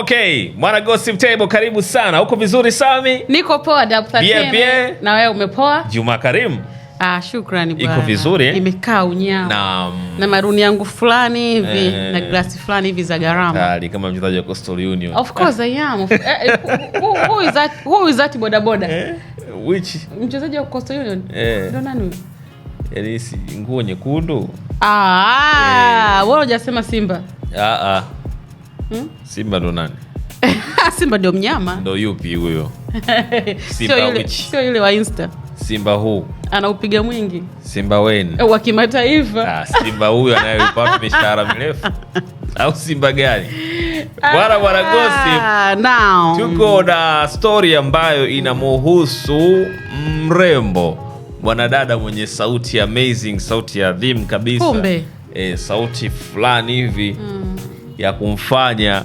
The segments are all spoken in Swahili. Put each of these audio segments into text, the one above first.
Okay, mwana Gossip Table karibu sana. Uko vizuri Sami? Niko poa daktari. bien. bie. Na wewe umepoa? Juma karimu. Ah, shukrani bwana. Iko vizuri? Eh? Imekaa unyao. Na, um, na maruni yangu fulani hivi eh, na glasi fulani hivi za gharama. Tayari kama mchezaji wa Coastal Union. Of course I am. Eh, eh Who who is that? Who is that boda boda? Eh, which? Mchezaji wa Coastal Union. Eh. Ndio nani? Elisi, yaani nguo nyekundu. Ah, eh. Wewe unajasema Simba. Ah ah hmm? Simba ndo nani? Simba ndio mnyama. Ndo yupi huyo? Sio yule wa Insta. Simba huu anaupiga mwingi. Simba weni eh, wa kimataifa. Ah, simba huyu anayoipa mishahara mirefu au simba gani? Ah, bwana bwana Tuko na stori ambayo inamuhusu mrembo mwanadada mwenye sauti amazing, sauti adhimu kabisa. E, sauti fulani hivi mm ya kumfanya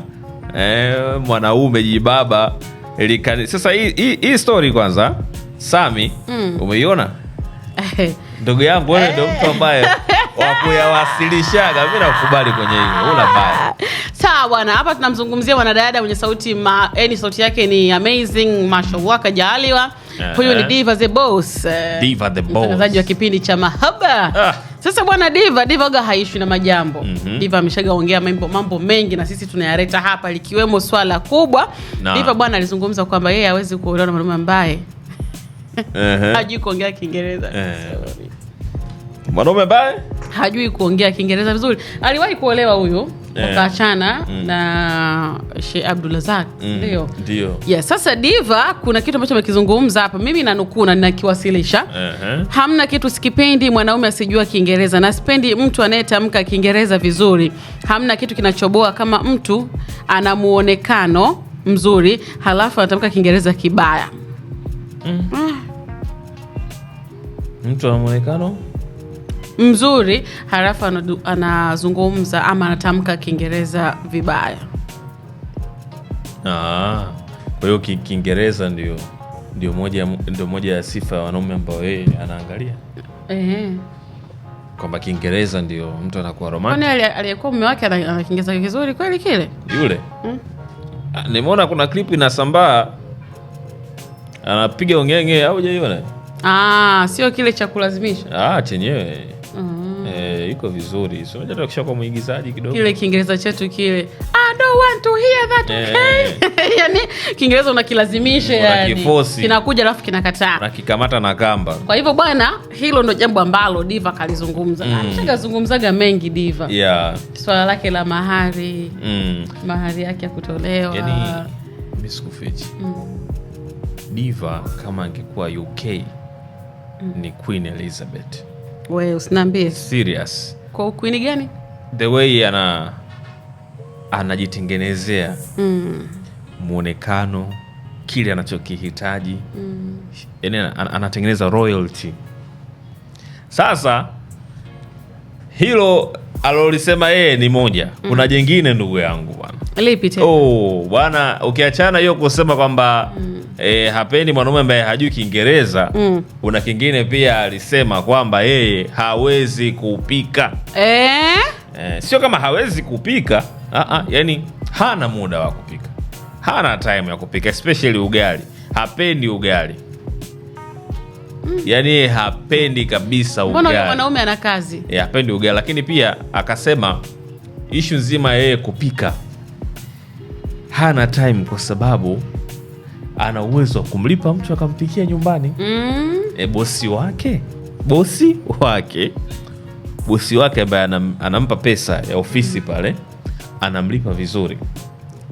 eh, mwanaume jibaba likani. Sasa hii stori story kwanza, Sami mm. umeiona ndugu yangu wewe ndio mtu ambaye wakuyawasilishaga mi kwenye hiyo, sawa bwana. Hapa tunamzungumzia mwanadada mwenye sauti ma, eni eh, sauti yake ni amazing mashallah, kajaaliwa huyu ni Diva the Boss, Diva the Boss, mtangazaji wa kipindi cha Mahaba ah. Sasa bwana Diva, Diva ga haishwi na majambo mm -hmm. Diva ameshagaongea mambo, mambo mengi na sisi tunayaleta hapa likiwemo swala kubwa nah. Diva bwana alizungumza kwamba yeye awezi kuolewa na mwanaume ambaye hajui kuongea Kiingereza mwanaume ambaye hajui kuongea Kiingereza vizuri. Aliwahi kuolewa huyu wakaachana mm. na Sheikh Abdulrazak mm. ndio mm. yeah. Sasa Diva, kuna kitu ambacho amekizungumza hapa, mimi nanukuu na ninakiwasilisha uh -huh. Hamna kitu sikipendi mwanaume asijua Kiingereza na sipendi mtu anayetamka Kiingereza vizuri. Hamna kitu kinachoboa kama mtu ana muonekano mzuri halafu anatamka Kiingereza kibaya mm. Mm. mtu ana muonekano mzuri halafu anazungumza ama anatamka Kiingereza vibaya. Ah, kwa hiyo Kiingereza ndio ndio moja, ndio moja ya sifa ya wanaume ambao yeye anaangalia eh, kwamba Kiingereza ndio mtu anakuwa aliyekuwa mume wake ana Kiingereza kizuri kweli kile yule? hmm? Ah, nimeona kuna klipu inasambaa anapiga ungenge au hujaiona? Ah, sio kile cha kulazimisha. Ah, chenyewe mm. Eh, iko vizuri. So unajua kisha kwa muigizaji kidogo. Kile Kiingereza chetu kile. I don't want to hear that eh. okay. Eh. Yaani Kiingereza unakilazimisha yani. Kinakuja alafu kinakataa. Na na kamba. Kwa hivyo bwana, hilo ndo jambo ambalo Diva kalizungumza. Mm. Alishazungumzaga mengi Diva. Yeah. Swala lake la mahari. Mm. Mahari yake ya kutolewa. Yaani mimi Mm. Diva kama angekuwa UK ni Queen Elizabeth. Wewe usiniambie. Serious. Kwa ukwini gani? The way ana anajitengenezea mm. mwonekano kile anachokihitaji mm. yaani anatengeneza royalty. Sasa hilo alolisema yeye ni moja, kuna mm. jengine ndugu yangu bwana Lipi tena? Oh, bwana ukiachana hiyo kusema kwamba mm. e, hapendi mwanaume ambaye hajui Kiingereza mm. kuna kingine pia alisema kwamba yeye hawezi kupika eh? E, sio kama hawezi kupika ah -ah, yani hana muda wa kupika, hana time ya kupika especially ugali, hapendi ugali mm. yani hapendi kabisa ugali. Mwanaume ana kazi eh, hapendi ugali, lakini pia akasema ishu nzima yeye kupika hana time kwa sababu ana uwezo wa kumlipa mtu akampikia nyumbani mm. E, bosi wake bosi wake bosi wake ambaye anam, anampa pesa ya ofisi mm. pale, anamlipa vizuri,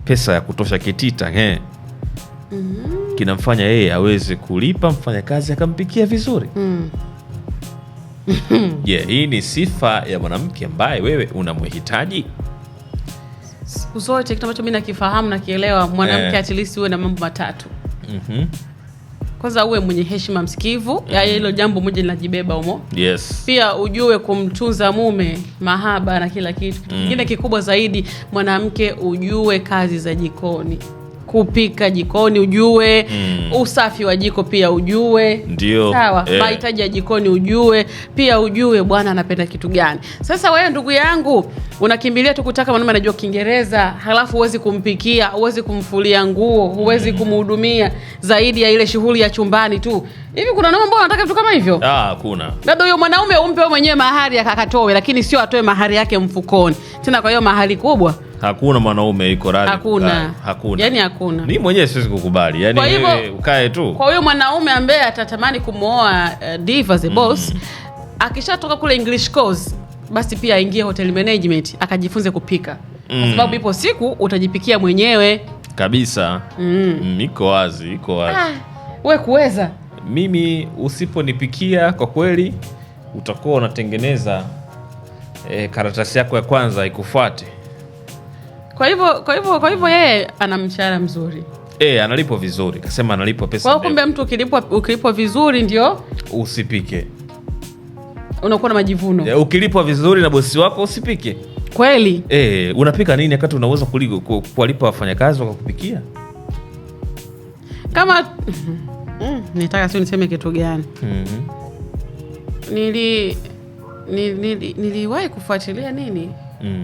pesa ya kutosha kitita he. Mm. kinamfanya yeye aweze kulipa mfanyakazi akampikia vizuri mm. yeah, hii ni sifa ya mwanamke ambaye wewe unamhitaji? siku zote kitu ambacho mi nakifahamu nakielewa, mwanamke eh. at least uwe na mambo matatu. mm-hmm. Kwanza uwe mwenye heshima, msikivu. mm. Hilo jambo moja linajibeba humo Yes. Pia ujue kumtunza mume, mahaba na kila kitu. Mm. kingine mm. kikubwa zaidi, mwanamke ujue kazi za jikoni kupika jikoni ujue mm. usafi wa jiko pia ujue, ndio sawa eh. mahitaji ya jikoni ujue pia, ujue bwana anapenda kitu gani. Sasa wewe ndugu yangu unakimbilia tu kutaka mwanaume anajua Kiingereza, halafu huwezi kumpikia, huwezi kumfulia nguo, huwezi hmm. kumhudumia zaidi ya ile shughuli ya chumbani tu. Hivi kuna wanaume ambao wanataka vitu kama hivyo? Ah, kuna labda huyo mwanaume umpe mwenyewe mahari akakatoe, lakini sio atoe mahari yake mfukoni tena, kwa hiyo mahari kubwa hakuna mwanaume iko radhi hakuna. Hakuna. Yani hakuna. Mimi mwenyewe siwezi kukubali yani, wewe ukae tu. Kwa hiyo mwanaume ambaye atatamani kumwoa uh, eh, Diva the mm. Boss mm. akishatoka kule English course basi pia aingie hotel management akajifunze kupika mm. kwa sababu ipo siku utajipikia mwenyewe kabisa mm. iko wazi, iko wazi ah, we kuweza mimi usiponipikia kwa kweli utakuwa unatengeneza eh, karatasi yako ya kwanza ikufuate. Kwa hivyo kwa hivyo kwa hivyo yeye ana mshahara mzuri e, analipwa vizuri, kasema analipwa pesa. Kwa kumbe mtu ukilipwa ukilipwa vizuri ndio usipike, unakuwa na majivuno e, ukilipwa vizuri na bosi wako usipike kweli e, unapika nini wakati unaweza kuwalipa wafanyakazi wakakupikia kama mm-hmm. mm, nitaka sio niseme kitu gani? mm -hmm. nili niliwahi nili kufuatilia nini mm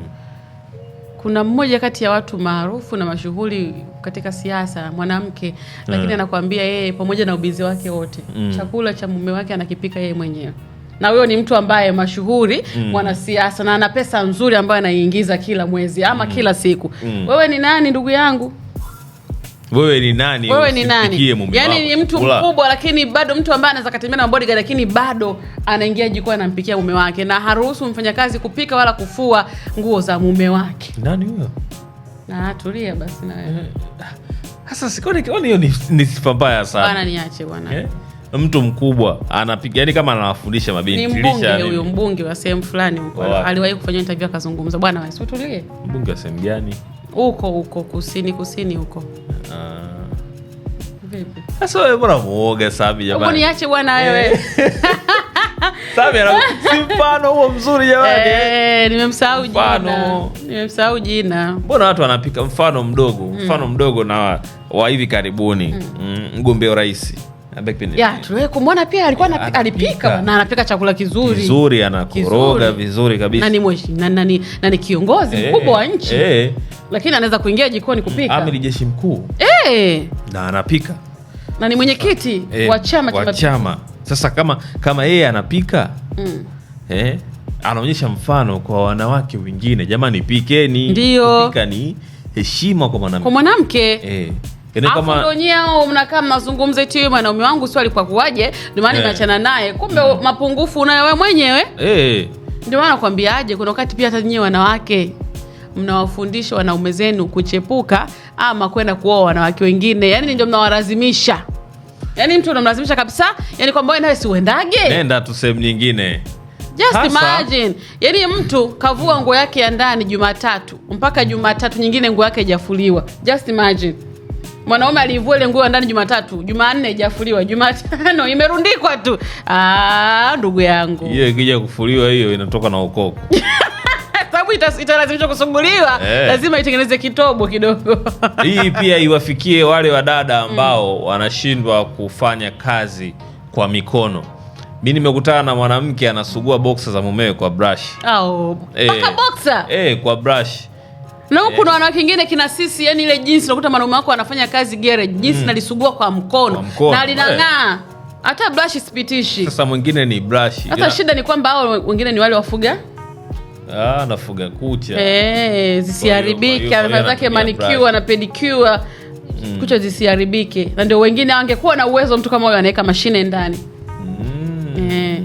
kuna mmoja kati ya watu maarufu na mashuhuri katika siasa mwanamke, lakini mm. anakuambia yeye pamoja na ubizi wake wote mm. chakula cha mume wake anakipika yeye mwenyewe na huyo ni mtu ambaye mashuhuri mm. mwanasiasa na ana pesa nzuri ambayo anaiingiza kila mwezi ama mm. kila siku mm. Wewe ni nani ndugu yangu? wewe ni nani? Wewe ni nani? Yaani ni mtu mkubwa, lakini bado mtu ambaye anaweza katembea na bodyguard, lakini bado anaingia jikoni anampikia mume wake, na haruhusu mfanyakazi kupika wala kufua nguo za mume wake. Nani huyo? Na tulia basi na wewe eh, ah, sasa, sikoni kioni hiyo ni sifa mbaya sana bwana, niache bwana. Eh? mtu mkubwa anapiga, yani kama anawafundisha mabinti. Ni mbunge huyo, mbunge wa sehemu fulani huko, aliwahi kufanya interview akazungumza, bwana wewe utulie. Mbunge wa sehemu gani? Huko huko kusini kusini huko. Ah. Vipi sasa wewe, mbona muoga sabi jamani? Mbona niache bwana wewe eh. Sami si mfano huo mzuri jamani. Eh, nimemsahau jina. Nimemsahau jina. Mbona watu wanapika mfano mdogo, mm. mfano mdogo na wa hivi karibuni mm. Mm, mgombea urais Yeah, Tuweko pia alikuwa alipika na anapika chakula kizuri kizuri, anakoroga vizuri kabisa, na ni kiongozi eh, mkubwa wa nchi eh. Lakini anaweza kuingia jikoni kupika, amiri jeshi mkuu eh. Na anapika na ni mwenyekiti wa chama wa chama. Sasa kama kama yeye anapika mm. hey, anaonyesha mfano kwa wanawake wengine, jamani, pikeni. Ndio kupika ni heshima kwa mwanamke kwa mwanamke hey. Yaani Afu wenyewe mnakaa mnazungumza eti wewe mwanaume wangu swali kwa kuwaje, ndio maana yeah. nachana naye kumbe mm. mapungufu unayo wewe mwenyewe eh hey. Ndio maana nakwambiaje, kuna wakati pia hata nyinyi wanawake mnawafundisha wanaume zenu kuchepuka ama kwenda kuoa wanawake wengine, yani ndio mnawalazimisha yani mtu unamlazimisha kabisa, yani kwamba wewe nawe siuendage nenda tu sehemu nyingine. Just Hasa. imagine, yani mtu kavua nguo yake ya ndani Jumatatu mpaka Jumatatu nyingine nguo yake haijafuliwa. Just imagine mwanaume alivua ile nguo ndani Jumatatu, Jumanne ijafuliwa, Jumatano imerundikwa tu. Ah, ndugu yangu, hiyo ikija kufuliwa hiyo inatoka na ukoko sababu italazimishwa kusuguliwa eh, lazima itengeneze kitobo kidogo hii pia iwafikie wale wadada mm. ambao mm, wanashindwa kufanya kazi kwa mikono. Mi nimekutana na mwanamke anasugua boksa za mumewe kwa brush. Oh, eh, eh, kwa brush na huku kuna wanawake wengine kina sisi, yani ile jinsi unakuta mwanaume wako anafanya kazi garage, jinsi mm. nalisugua kwa mkono, kwa mkono na linang'aa eh. hata brush sipitishi. Sasa mwingine ni brush. Sasa shida ni kwamba hao wengine ni wale wafuga Ah, nafuga kucha hey, eh, zisiharibike, zake manicure na pedicure mm. kucha zisiharibike, na ndio wengine wangekuwa na uwezo, mtu kama huyo anaweka mashine ndani mm. Eh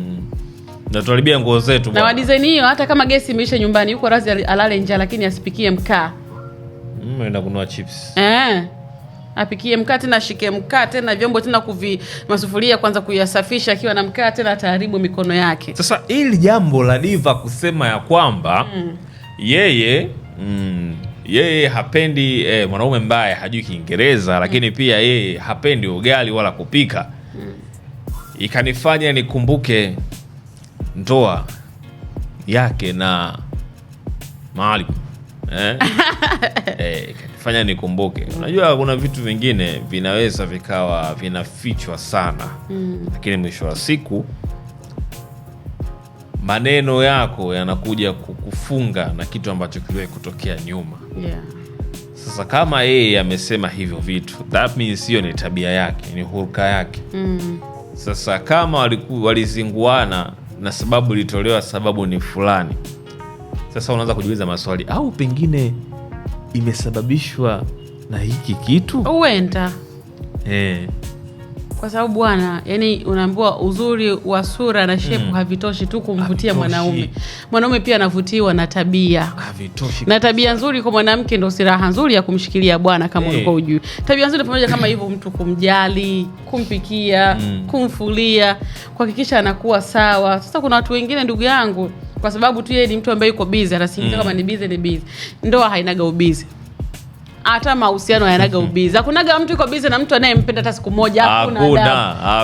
natuaribia nguo zetu na design hiyo. Hata kama gesi imeisha nyumbani, yuko razi alale nje, lakini asipikie mkaa. Mm, enda kunua chips eh, apikie mkaa tena ashike mkaa tena vyombo tena kuvi masufuria kwanza kuyasafisha, akiwa na mkaa tena ataharibu mikono yake. Sasa hili jambo la Diva kusema ya kwamba mm. yeye mm, yeye hapendi eh, mwanaume mbaya hajui Kiingereza lakini mm. pia yeye hapendi ugali wala kupika mm. ikanifanya nikumbuke ndoa yake na Maalim eh? Eh, fanya nikumbuke. Unajua kuna vitu vingine vinaweza vikawa vinafichwa sana mm. Lakini mwisho wa siku maneno yako yanakuja kukufunga na kitu ambacho kiliwahi kutokea nyuma yeah. Sasa kama yeye amesema hivyo vitu, that means hiyo ni tabia yake, ni huruka yake mm. Sasa kama walizinguana na sababu ilitolewa, sababu ni fulani. Sasa unaanza kujiuliza maswali, au pengine imesababishwa na hiki kitu, huenda eh kwa sababu bwana, yani unaambiwa uzuri wa sura na shepu mm. havitoshi tu kumvutia mwanaume. Mwanaume pia anavutiwa na tabia, havitoshi na tabia nzuri kwa mwanamke ndo silaha nzuri ya kumshikilia bwana, kama hey. Eh. ulikuwa ujui tabia nzuri pamoja kama hivyo, mtu kumjali, kumpikia mm. kumfulia, kuhakikisha anakuwa sawa. Sasa kuna watu wengine, ndugu yangu, kwa sababu tu yeye ni mtu ambaye yuko busy, atasingiza mm. kama ni busy ni busy. Ndoa hainaga ubizi hata mahusiano yanaga ubizi. Hakunaga mtu iko bizi na mtu anayempenda hata siku moja, hakuna.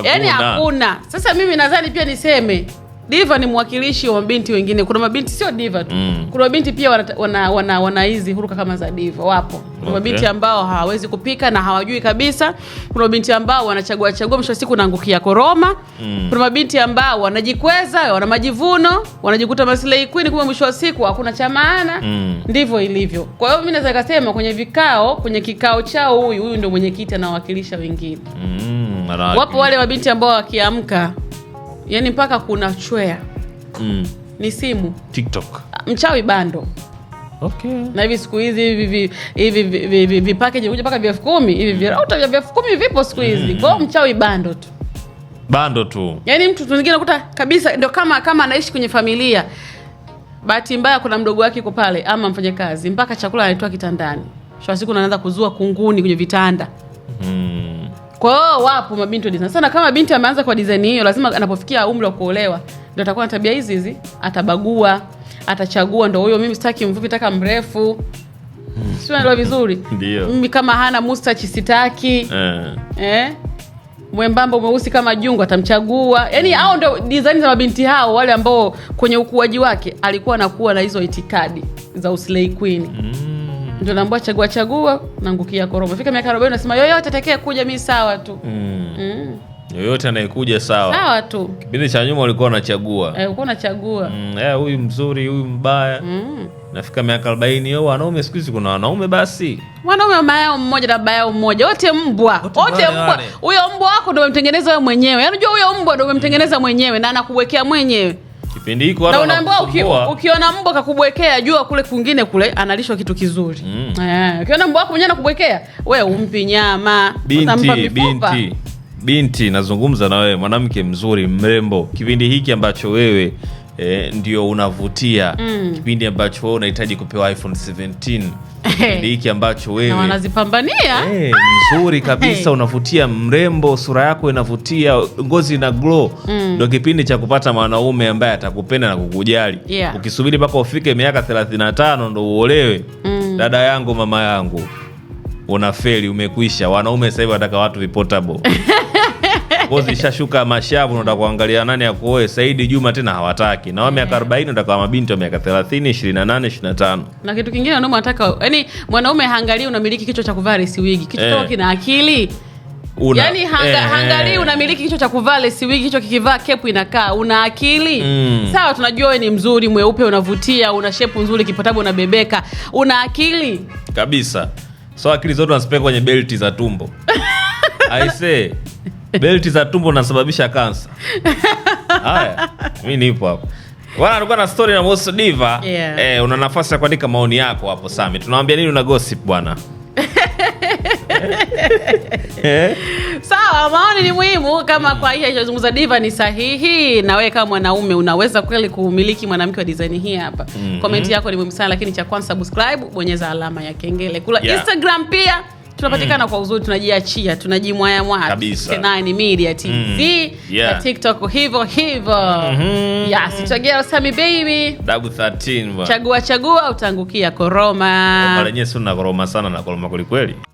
Yaani hakuna. Sasa mimi nadhani pia niseme Diva ni mwakilishi wa mabinti wengine. Kuna mabinti sio diva tu mm. Kuna mabinti pia wana wana, wana, huruka kama za diva, wapo. Kuna mabinti okay, ambao hawawezi kupika na hawajui kabisa. Kuna mabinti ambao wanachagua chagua, mwisho wa siku naangukia koroma mm. Kuna mabinti ambao wanajikweza, wana majivuno, wanajikuta maslay queen, kumbe mwisho wa siku hakuna cha maana mm. Ndivyo ilivyo. Kwa hiyo mimi naweza kusema kwenye vikao, kwenye kikao chao, huyu huyu ndio mwenyekiti anawakilisha wengine mm, wapo wale mabinti ambao wakiamka yani mpaka kuna chwea mm. ni simu TikTok. Mchawi bando Okay. Na hivi siku hizi hivi hivi vipake mpaka vya elfu kumi hivi virauta mm. vya elfu kumi vipo siku hizi mm. Kwao mchawi bando tu bando tu, yaani mtu mwingine anakuta kabisa ndio kama kama anaishi kwenye familia, bahati mbaya kuna mdogo wake yuko pale ama kazi mpaka chakula anatoa kitandani, shwa siku anaanza kuzua kunguni kwenye vitanda mm. Kwa hiyo wapo mabinti wa design. Sana kama binti ameanza kwa design hiyo, lazima anapofikia umri wa kuolewa ndio atakuwa na tabia hizi hizi, atabagua, atachagua ndio huyo mimi sitaki mfupi, taka mrefu. Hmm. Sio naelewa vizuri? Ndio. Mimi kama hana mustache sitaki. Eh. Eh? Mwembamba mweusi kama jungu atamchagua. yani hao ndio design za mabinti hao wale ambao kwenye ukuaji wake alikuwa anakuwa na hizo itikadi za uslay queen. Mm ndio naambua chagua chagua, nangukia koroma. Fika miaka arobaini nasema yoyote kuja mi sawa tu mm. Mm. yoyote anayekuja sawa sawa tu. Kipindi cha nyuma ulikuwa unachagua eh, ulikuwa unachagua mm, eh, huyu mm, mzuri huyu mbaya mm. Nafika miaka arobaini yo wanaume siku hizi kuna wanaume basi, wanaume mama yao mmoja na baba yao mmoja, wote mbwa, wote mbwa. Huyo mbwa wako ndo umemtengeneza wewe mwenyewe, yaani unajua huyo mbwa ndo umemtengeneza mm. mwenyewe na anakuwekea mwenyewe Pindi hiko na unaambiwa ukiona uki mbwa kakubwekea, jua kule kwingine kule analishwa kitu kizuri. Mm. Eh, ukiona mbwa wako mwenyewe anakubwekea, we umpi nyama, binti, Binti, binti, nazungumza na wewe mwanamke mzuri mrembo, kipindi hiki ambacho wewe eh, ndio unavutia mm. Kipindi ambacho wewe unahitaji kupewa iPhone 17 kipindi hiki ambacho wewe na wanazipambania eh, hey, mzuri kabisa Unavutia mrembo, sura yako inavutia, ngozi na glow mm. ndo Kipindi cha kupata mwanaume ambaye atakupenda na kukujali yeah. Ukisubiri mpaka ufike miaka 35 ndo uolewe mm. Dada yangu, mama yangu, unafeli, umekwisha. Wanaume sasa hivi wanataka watu vipotable ngozi ishashuka mashavu, unataka kuangalia nani akuoe? Saidi Juma tena hawataki, na wao miaka 40 eh. unataka mabinti wa miaka 30, 28, 25. Na kitu kingine wanaume wanataka, yani mwanaume haangalii unamiliki kichwa cha kuvaa lesi wigi, kichwa eh. chako kina akili una, yani hanga, eh, hangalii unamiliki kichwa cha kuvaa lesi wigi, kichwa kikivaa kepu inakaa, una akili mm. Sawa, tunajua wewe ni mzuri, mweupe, unavutia, una shepu nzuri, kipatabu unabebeka, una akili kabisa. So akili zote unazipeka kwenye belti za tumbo aise belti za tumbo nasababisha kansa. Haya, mi nipo hapo Bwana alikuwa na story na Mbosso Diva. Yeah. Eh, una nafasi ya kuandika maoni yako hapo Sami. Tunawaambia nini una gossip bwana? Eh? Sawa, maoni ni muhimu kama kwa hiyo alizungumza Diva ni sahihi na wewe kama mwanaume unaweza kweli kumiliki mwanamke wa design hii hapa. Mm -hmm. Comment yako ni muhimu sana lakini cha kwanza subscribe, bonyeza alama ya kengele. Kula yeah. Instagram pia tunapatikana mm. kwa uzuri, tunajiachia tunajimwayamwaya kabisa. Nine Media TV mm. yeah. na TikTok hivyo hivyo mm -hmm. yes, chagia Sami baby dabu 13 chagua chagua, utaangukia koroma. Koroma si na koroma sana na koroma kwelikweli